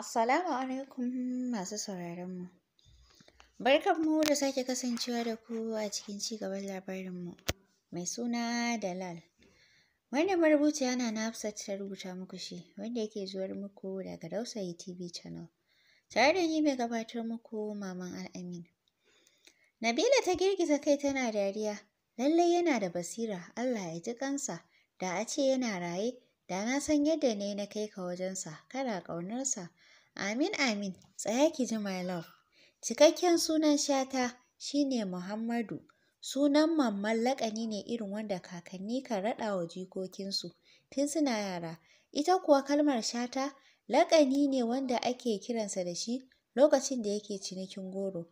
Assalamu alaikum masu sauraronmu. Barkanmu da sake kasancewa da ku a cikin ci cigaban labarinmu mai suna Dalal. Wannan marubuciya na hafsat ta rubuta muku shi wanda yake zuwar muku daga Dausayi TV channel. Tare da ni mai gabatar muku Maman Al'amin. Nabila ta girgiza kai tana dariya. Lallai yana da basira, Allah ya ji kansa, da a ce yana raye, da na san yadda ne na kai ka wajensa kana ƙaunarsa amin amin tsaya ki ji my love cikakken sunan shata shine muhammadu sunan mamman laƙani ne irin wanda kakanni kan raɗa wa jikokinsu tun suna yara ita kuwa kalmar shata laƙani ne wanda ake kiransa da shi lokacin da yake cinikin goro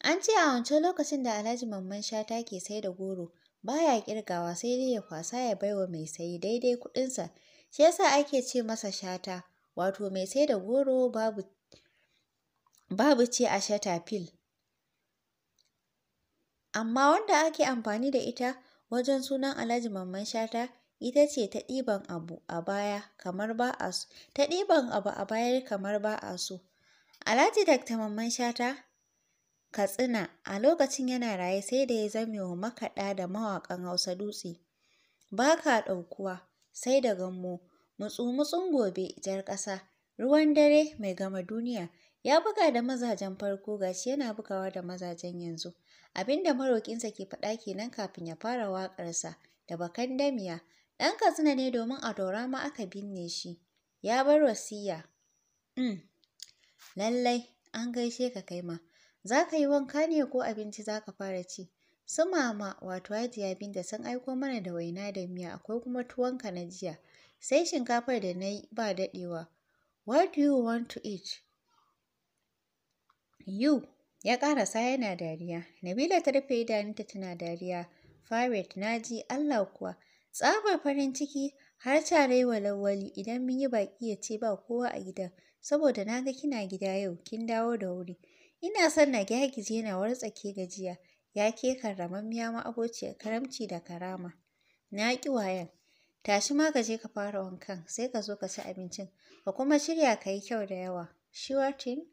an ce a wancan lokacin da alhaji mamman shata ke sai da goro baya kirgawa sai dai ya kwasa ya baiwa mai sayi daidai kuɗinsa shi yasa ake ce masa shata wato mai sai da goro babu babu ce a shata fil amma wanda ake amfani da ita wajen sunan alhaji mamman shata ita ce ta ɗiban abu a baya kamar ba a so ta ɗiban alhaji dakta mamman shata Katsina a lokacin yana raye sai da ya zame wa makaɗa da mawaƙan Hausa dutse. Ba ka ɗaukuwa, sai da gammo, mutsu-mutsun gobe, jar ƙasa, ruwan dare mai gama duniya, ya buga da mazajen farko gashi yana bugawa da mazajen yanzu. Abinda maroƙinsa ke faɗa kenan kafin ya fara waƙarsa da bakan damiya. Ɗan Katsina ne domin a Daura ma aka binne shi. Ya bar wasiyya. Mm, lallai an gaishe ka kai ma. Za ka yi wanka ne ko abinci za ka fara ci? Su mama wato Hajiya Binta sun aiko mana da waina da miya akwai kuma tuwonka na jiya. Sai shinkafar da na yi ba daɗewa. What do you want to eat? You ya ƙarasa yana dariya. Nabila ta rufe idanunta tana dariya. Faret na ji Allah kuwa. Tsabar farin ciki har tare wa idan mun yi baƙi ya ce ba kowa a gidan saboda na ga kina gida yau kin dawo da wuri. Ina son na gyagije na wartsake gajiya, ya ke karramammiya ma'abociyar karamci da karama. Na ƙi wayan, tashi ma ka ka fara wankan sai ka zo ka ci abincin, ka kuma shirya ka yi kyau da yawa. Sure thing.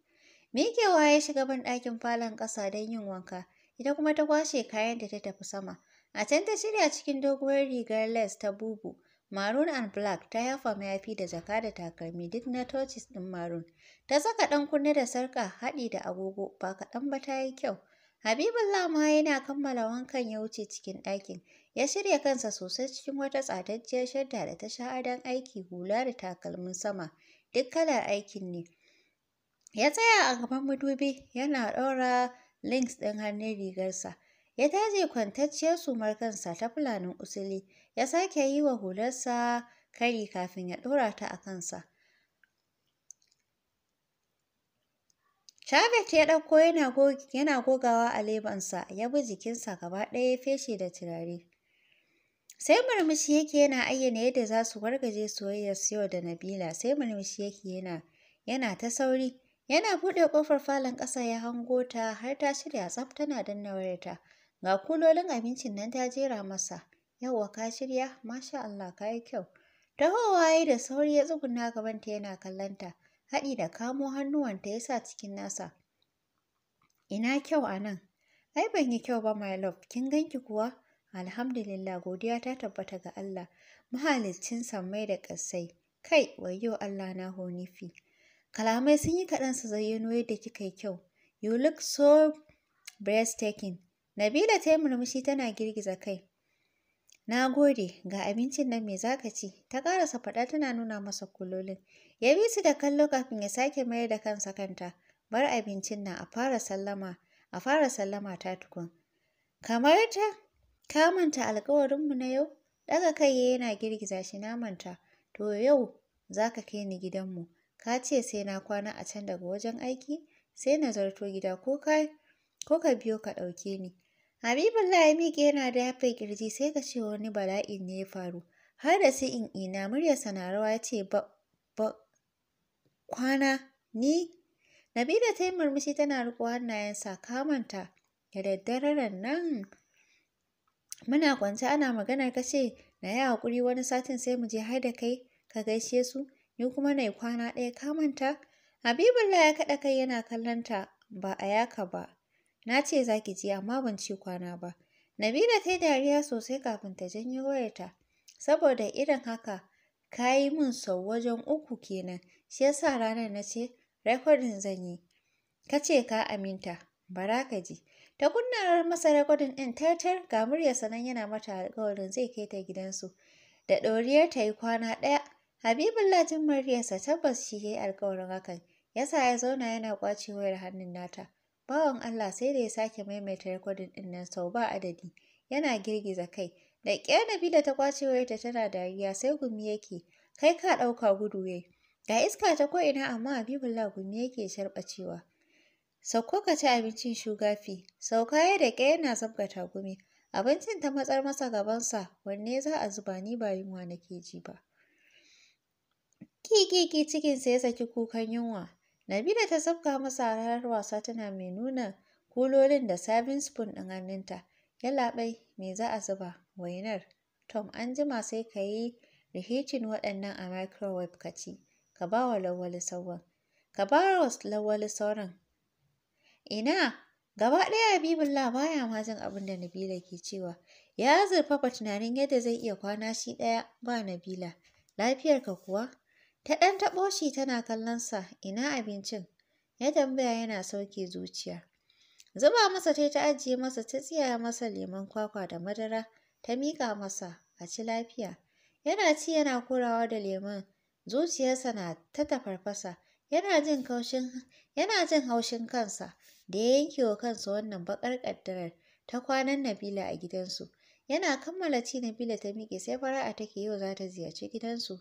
ya shiga banɗakin falon ƙasa don yin wanka, ita kuma ta kwashe kayan da ta tafi sama. A can ta shirya cikin doguwar rigar les ta bubu Maroon and Black ta yafa mayafi da jaka da takalmi duk na torches din Maroon. Ta saka ɗan kunne da sarka haɗi da agogo ba kaɗan ba ta yi kyau. Habibullah ma yana kammala wankan ya wuce cikin ɗakin. Ya shirya kansa sosai cikin wata tsatacciyar shadda da ta sha adon aiki hula da takalmin sama. Duk kalar aikin ne. Ya tsaya a gaban madubi yana ɗaura links ɗin hannun rigarsa. Ya taje kwantacciyar sumar kansa ta fulanin usuli. ya sake yi wa hularsa kari kafin ya ɗora ta a kansa. Chavez ya ɗauko yana gogawa a lebansa ya bi jikinsa gaba ɗaya ya feshe da turare. Sai murmushi yake yana ayyana yadda za su wargaje soyayyar yau da Nabila sai murmushi yake yana yana ta sauri yana buɗe ƙofar falon ƙasa ya hango ta har ta shirya tsaf tana danna wayarta ga kulolin abincin nan ta jera masa. yauwa ka shirya? Masha Allah ka yi kyau. Tahowa ya da sauri ya tsuguna gabanta yana kallonta, haɗi da kamo hannuwanta ya sa cikin nasa. Ina kyau a nan? Ai ban yi kyau ba my love, kin ganki kuwa? Alhamdulillah godiya ta tabbata ga Allah, mahaliccin sammai da ƙasai. Kai, wayo Allah na honifi. Kalamai sun yi kaɗan su zayyano yadda kika yi kyau. You look so breathtaking. Nabila ta yi murmushi tana girgiza kai. Na gode, ga abincin nan me zaka ci? Ta ƙarasa faɗa tana nuna masa kulolin. Ya bi su da kallo kafin ya sake mayar da kansa kanta. Bar abincin nan a fara sallama, a fara sallama ta tukun. Kamar ta, ka manta alkawarinmu na yau? Daga kai yana girgiza shi na manta. To yau za ka kai ni gidanmu. Ka ce sai na kwana a can daga wajen aiki, sai na zarto gida ko ka biyo ka ɗauke ni. Habibullah ya miƙe yana da yafe kirji sai ka ce wani bala'in ne ya faru. Har da sai in ina muryarsa na rawa ya ce ba kwana ni Nabila ta yi murmushi tana riko hannayensa kamanta da daddaren nan. Muna kwance ana maganar ka ce na yi haƙuri wani satin sai mu je har da kai ka gaishe su ni kuma na yi kwana ɗaya kamanta. Habibullah ya kaɗa kai yana kallonta. ba a yaka ba. Na ce za ki ji amma ban ci kwana ba. Nabila ta yi dariya sosai kafin ta janyo wayarta, saboda irin haka ka yi min sau wajen uku kenan, shi ya sa ranar na ce rekodin zan yi. Ka ce ka aminta, bara ka ji. Ta kunna masa rekodin ɗin tartar ga muryarsa nan yana mata alƙawarin zai kai ta gidansu. Da ɗoriyar ta yi kwana ɗaya, Habibullah jin muryarsa tabbas shi ya yi alƙawarin hakan, yasa ya zauna yana ƙwace wayar hannun nata. Bawan Allah sai da ya sake maimaita rikodin ɗin nan sau ba adadi, yana girgiza kai. Da ƙyar da ta ƙwace ta tana dariya sai gumi yake, kai ka ɗauka gudu yai. Ga iska ta ko'ina amma Habibullah gumi yake sharɓacewa. Sauko ka ci abincin shugafi, sauka ya da ƙyar yana zabgata gumi. Abincin ta matsar masa gabansa, wanne za a zuba ni ba yunwa nake ji ba. Kikiki cikinsa ya saki kukan yunwa. Nabila ta zabga masa har wasa tana mai nuna kulolin da sabin spoon ɗin hannunta. Yallaɓai, me za a zuba? Wainar. Tom, an jima sai ka yi rihicin waɗannan a microwave ka ci. Ka ba wa Lawali sauran. Ka ba wa Lawali sauran. Ina, gaba ɗaya Habibullah baya ma jin abin da Nabila ke cewa. Ya zurfafa tunanin yadda zai iya kwana shi ɗaya ba Nabila. Lafiyarka kuwa? Ta ɗan taɓo shi tana sa, ina abincin? Ya tambaya yana sauke zuciya. Zuba masa ta ta ajiye masa ta tsiyaya masa lemon kwakwa da madara ta miƙa masa a ci lafiya. Yana ci yana kurawa da lemun zuciyarsa na ta tafarfasa, yana jin yana jin haushin kansa da ya yanke wa kansa wannan baƙar ƙaddarar ta kwanan Nabila a gidansu. Yana kammala ci Nabila ta miƙe sai fara'a take yau za ta ziyarci gidansu.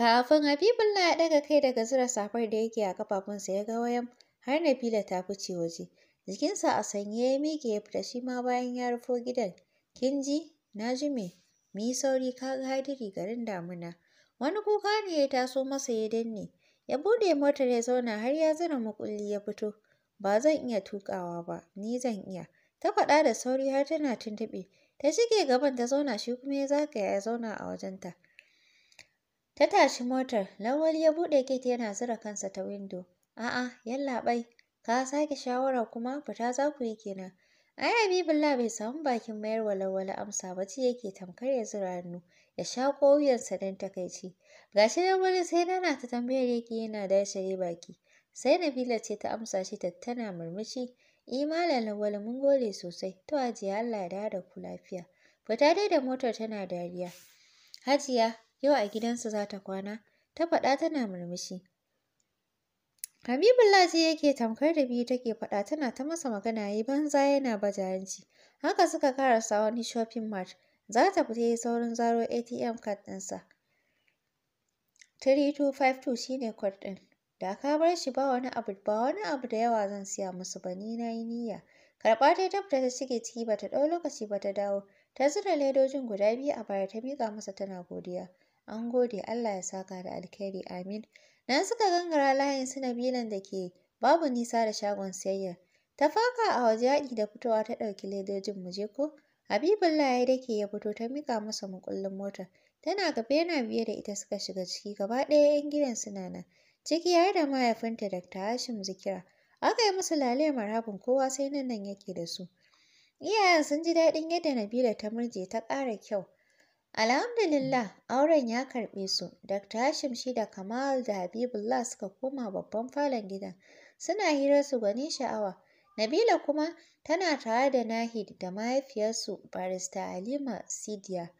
Kafin Habibullah ya ɗaga kai daga zura safar da yake a kafafunsa ya ga wayan har Nabila ta fice waje. Jikinsa a sanye ya miƙe ya fita shi ma bayan ya rufo gidan. Kin ji? Na ji me? Mu yi sauri ka ga hadiri garin damuna. Wani kuka ne ya taso masa ya danne. Ya buɗe motar ya zauna har ya zura mukulli ya fito. Ba zan iya tuƙawa ba, ni zan iya. Ta faɗa da sauri har tana tuntuɓe. Ta shige gaban ta zauna shi kuma ya zagaya ya zauna a wajenta. Ta tashi motar, Lawal ya buɗe gate yana zura kansa ta windo. A'a, yallaɓai, ka sake shawara kuma fita za ku yi kenan. Ai Habibullah bai samu bakin mayar wa Lawal amsa ba ci yake tamkar ya zura hannu, ya sha wuyansa don takaici. Gashi shi sai nana ta tambayar yake yana dashare baki. Sai Nabila ce ta amsa shi tattana murmushi. Imalan Lawal mun gode sosai, to Hajiya Allah ya da ku lafiya. Fita dai da motar tana dariya. Hajiya, yau a gidansu za ta kwana, ta faɗa tana murmushi. Habibu laji yake tamkar da biyu take faɗa tana ta masa magana yi banza yana bajaranci. Haka suka karasa wani shopping mart. Za ta fita yi saurin zaro ATM card ɗinsa. 3252 shine code ɗin. Da ka bar shi ba wani abu ba wani abu da yawa zan siya musu ba ni na yi niyya. Karɓa ta tabta ta cike ciki ba ta ɗau lokaci ba ta dawo. Ta zura ledojin guda biyu a baya ta miƙa masa tana godiya. An gode Allah ya saka da alkhairi amin. Na suka gangara layin su Nabilan da ke babu nisa da shagon siyayyar. Ta faka a waje yaƙi da fitowa ta ɗauki ledojin muje ko? Habibullah ya dake ya fito ta miƙa masa mukullin mota. Tana gaba yana biye da ita suka shiga ciki gaba ɗaya 'yan gidan suna nan. Ciki yayi da mahaifinta Dr. Hashim Zikira. Aka yi musu lale marhabin kowa sai nan nan yake da su. Iyayen sun ji daɗin yadda Nabila ta murje ta ƙara kyau. Alhamdulillah auren ya karɓe su. Dr. Hashim shi da Kamal da Habibullah suka koma babban falon gidan. Suna hirar su gwanin sha'awa. Nabila kuma tana tare da Nahid da mahaifiyarsu barista Halima Sidiya.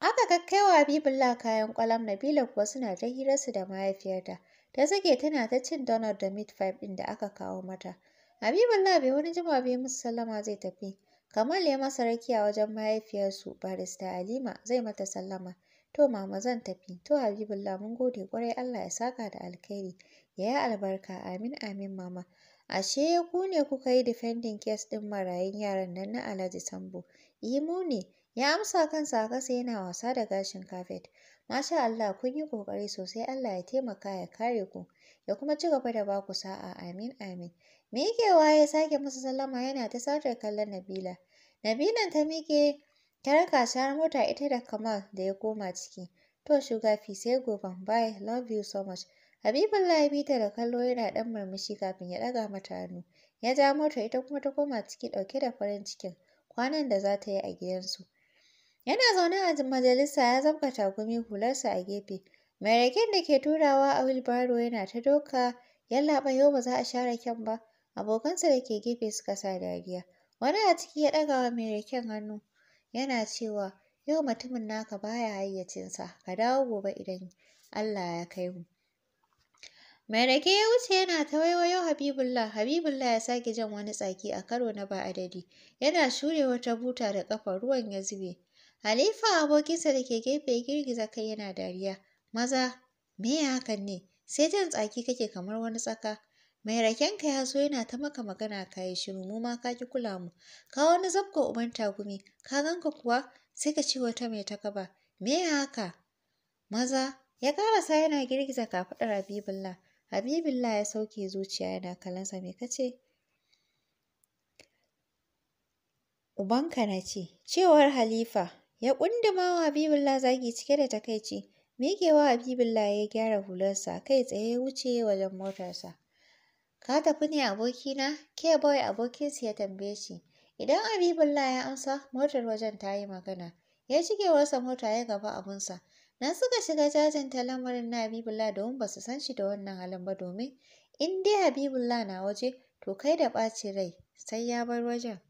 Aka kakkaiwa Habibullah kayan kwalam Nabila kuwa suna ta su da mahaifiyarta. Ta zage tana ta cin donor da meat pie ɗin da aka kawo mata. Habibullah bai wani jima bai musu sallama zai tafi. Kamal ya masa a wajen mahaifiyarsu barista Halima zai mata sallama. To mama zan tafi, to Habibullah mun gode kwarai Allah ya saka da alkhairi, ya yi albarka amin amin mama. Ashe ku ne kuka yi defending case ɗin marayun yaran nan na Alhaji Sambo. Yi mu ne, ya amsa kansa a ƙasa yana wasa da gashin kafet. Masha Allah kun yi ƙoƙari sosai Allah ya taimaka ya kare ku ya kuma ci gaba da ba ku sa'a amin amin. me yake ya sake masa sallama yana ta satar kallon Nabila. Nabilan ta miƙe ta raka mota ita da Kamal da ya koma ciki. To fi sai gobe bye love you so much. Habibullah ya ta da kallo yana ɗan murmushi kafin ya ɗaga mata hannu. Ya ja mota ita kuma ta koma ciki ɗauke da farin cikin kwanan da za ta yi a gidansu. Yana zaune a majalisa ya zabka takumi hularsa a gefe. Mai raken da ke turawa a wilbaro yana ta doka, yallaɓa yau ba za a share kyan ba. Abokansa da ke gefe suka sa dariya. Wani a ciki ya ɗaga wa mai raken hannu yana cewa yau mutumin naka baya hayyacinsa ka dawo gobe idan Allah ya kai mu. Mai rake ya wuce yana ta waiwayo Habibullah, Habibullah ya sake jan wani tsaki a karo na ba adadi, yana shure wata buta da ƙafa ruwan ya zube. Halifa abokinsa da ke gefe girgiza kai yana dariya, maza me hakan ne, sai jan tsaki kake kamar wani tsaka, mai rakenka ya zo yana ta maka magana ka yi shiru mu ma ka ki kula mu ka wani zabka uban tagumi ka ganka kuwa sai ka ce wata mai ta kaba me haka maza ya karasa yana girgiza kafaɗar habibullah habibullah ya sauke zuciya yana kalansa me kace ubanka na ce cewar halifa ya kunduma wa habibullah zagi cike da takaici wa habibullah ya gyara hularsa kai tsaye ya wuce wajen motarsa Ka tafi ne abokina? Ke boy abokinsu ya tambaye shi. Idan Abibullah ya amsa, motar wajen ta yi magana. Ya shige wasa mota ya gaba abunsa. Na suka shiga jajin ta lamarin na Habibullah domin ba su san shi da wannan halin ba domin in dai Habibullah na waje to kai da ɓaci rai sai ya bar wajen.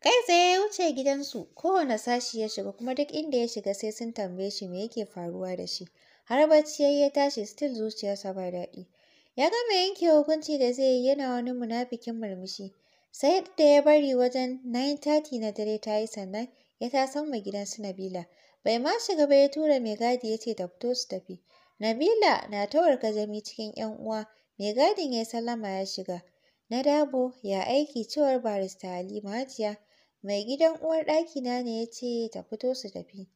Kai tsaye ya wuce gidansu kowane sashi ya shiga kuma duk inda ya shiga sai sun tambaye shi me yake faruwa da shi. har bacci yayi ya tashi still zuciyarsa ba daɗi ya gama yanke hukunci da zai yi yana wani munafikin murmushi sai da ya bari wajen 9:30 na dare ta yi sannan ya tasan ma gidan su Nabila bai ma shiga ba ya tura mai gadi ya ce ta fito su tafi Nabila na ta wargajami cikin 'yan uwa mai gadin ya sallama ya shiga na dabo ya aiki cewar barista Halima Hajiya mai gidan uwar ɗakina ne ya ce ta fito su tafi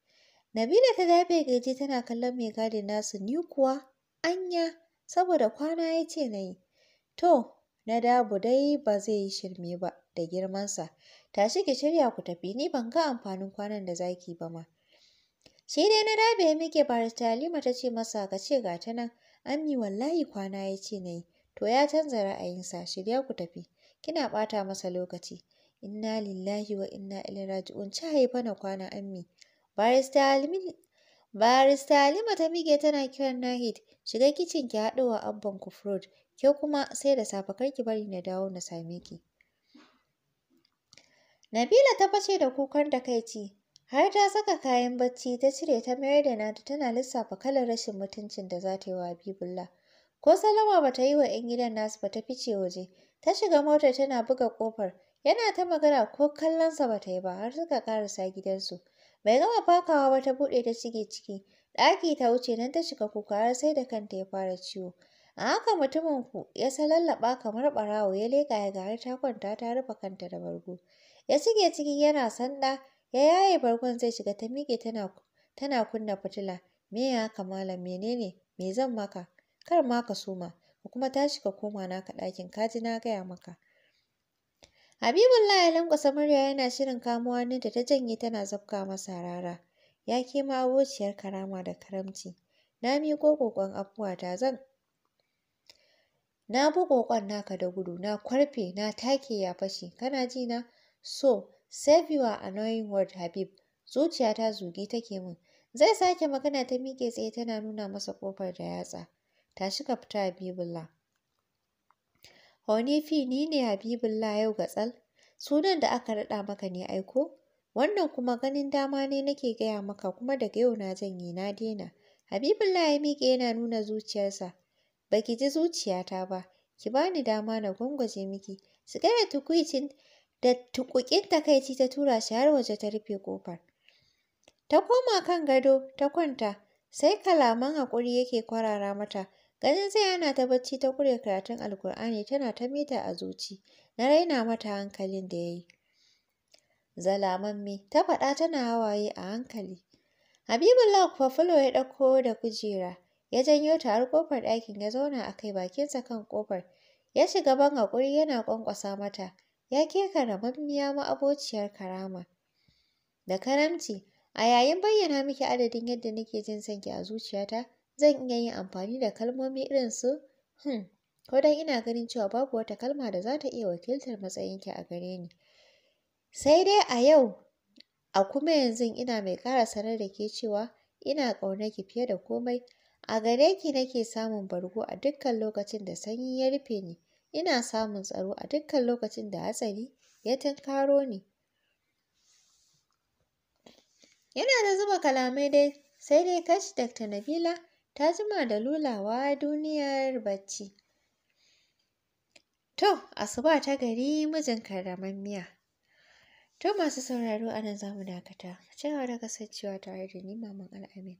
Nabila ta dafe gaji tana kallon mai gadi nasu ni kuwa anya saboda kwana ya ce na yi. To, na dabu dai ba zai yi shirme ba da girmansa. Tashi ki shirya ku tafi ni ban ga amfanin kwanan da zaki ba ma. Shi dai na dabe ya mike barista Halima ta ce masa ka ce ga ta nan Ammi wallahi kwana ya ce na yi. To ya canza ra'ayinsa shirya ku tafi. Kina ɓata masa lokaci. Inna lillahi wa inna ilaihi raji'un ci haifa na kwana Ammi. Barista Halima ta mige tana kiran Nahid, shiga kicin ki haɗuwa abban ku fruit, ke kuma sai da safakar kar ki bari na dawo na same ki. Nabila ta fashe da kukan ci, har ta saka kayan bacci ta cire ta mayar da nata tana lissafa kalar rashin mutuncin da za ta yi wa Habibullah. Ko salama ba ta yi wa 'yan gidan nasu ba ta fice waje, ta shiga mota tana buga kofar yana ta magana ko kallonsa ba ta yi ba har suka ƙarasa gidansu. Bai gama fakawa ba ta buɗe ta shige ciki. Ɗaki ta wuce nan ta shiga kuka har sai da kanta ya fara ciwo. A haka mutumin ku ya salallaɓa kamar ɓarawo ya leƙa ya gari ta kwanta ta rufe kanta da bargo. Ya shige ciki yana sanda ya yaye bargon zai shiga ta miƙe tana tana kunna fitila. Me ya haka malam menene? Me zan maka? Kar ma ka suma. Ka kuma tashi ka koma naka ɗakin ka ji na gaya maka. Habibullah ya lankwasa murya yana shirin kamo hannunta ta janye tana zafka masa rara. Ya ke ma abokiyar karama da karamci. Na miƙo ƙoƙon afuwata zan Na bi ƙoƙon naka da gudu, na kwarfe, na take ya fashe, kana ji na? So, save your annoying word Habib, zuciyata zugi take min. Zai sake magana ta miƙe tsaye tana nuna masa ƙofar da yatsa. Tashi ka fita Habibullah. wani ni ne Habibullah yau tsal? Sunan da aka raɗa maka ne aiko? Wannan kuma ganin dama ne nake gaya maka kuma daga yau na janye na daina. Habibullah ya miƙe yana nuna zuciyarsa. Ba ki ji zuciyata ba, ki ba ni dama na gwangwaje miki. Sigayar tukuicin da tukukin takaici ta tura shi har waje ta rufe kofar. Ta koma kan gado ta kwanta, sai kalaman haƙuri yake kwarara mata Ganin zai yana ta bacci ta kure karatun Alkur'ani tana ta mita a zuci, na raina mata hankalin da ya yi. Zalamamme ta faɗa tana hawaye a hankali. Habibu kuwa fulo ya ɗauko da kujera, ya janyo ta har ƙofar ɗakin ya zauna a kai bakinsa kan ƙofar, ya shiga ban haƙuri yana ƙwanƙwasa mata, ya ke karamammiya ma'abociyar karama. Da karamci, a yayin bayyana miki adadin yadda nake jin sanki a zuciyata, zan iya yin amfani da kalmomi irin su hmm ko dan ina ganin cewa babu wata kalma da za ta iya wakiltar matsayinki a gare ni. Sai dai a yau a kuma yanzu ina mai ƙara sanar da ke cewa ina ƙaunarki fiye da komai. A gare ki nake samun bargo a dukkan lokacin da sanyi ya rufe ni, ina samun tsaro a dukkan lokacin da hatsari ya tunkaro ni. Yana da zuba kalamai dai, sai dai kash Dr. Nabila ta jima da lulawa duniyar bacci. To, asuba ta gari mijin miya. To masu sauraro anan zamu dakata, cewa da kasancewa tare da ni Maman Al'amin.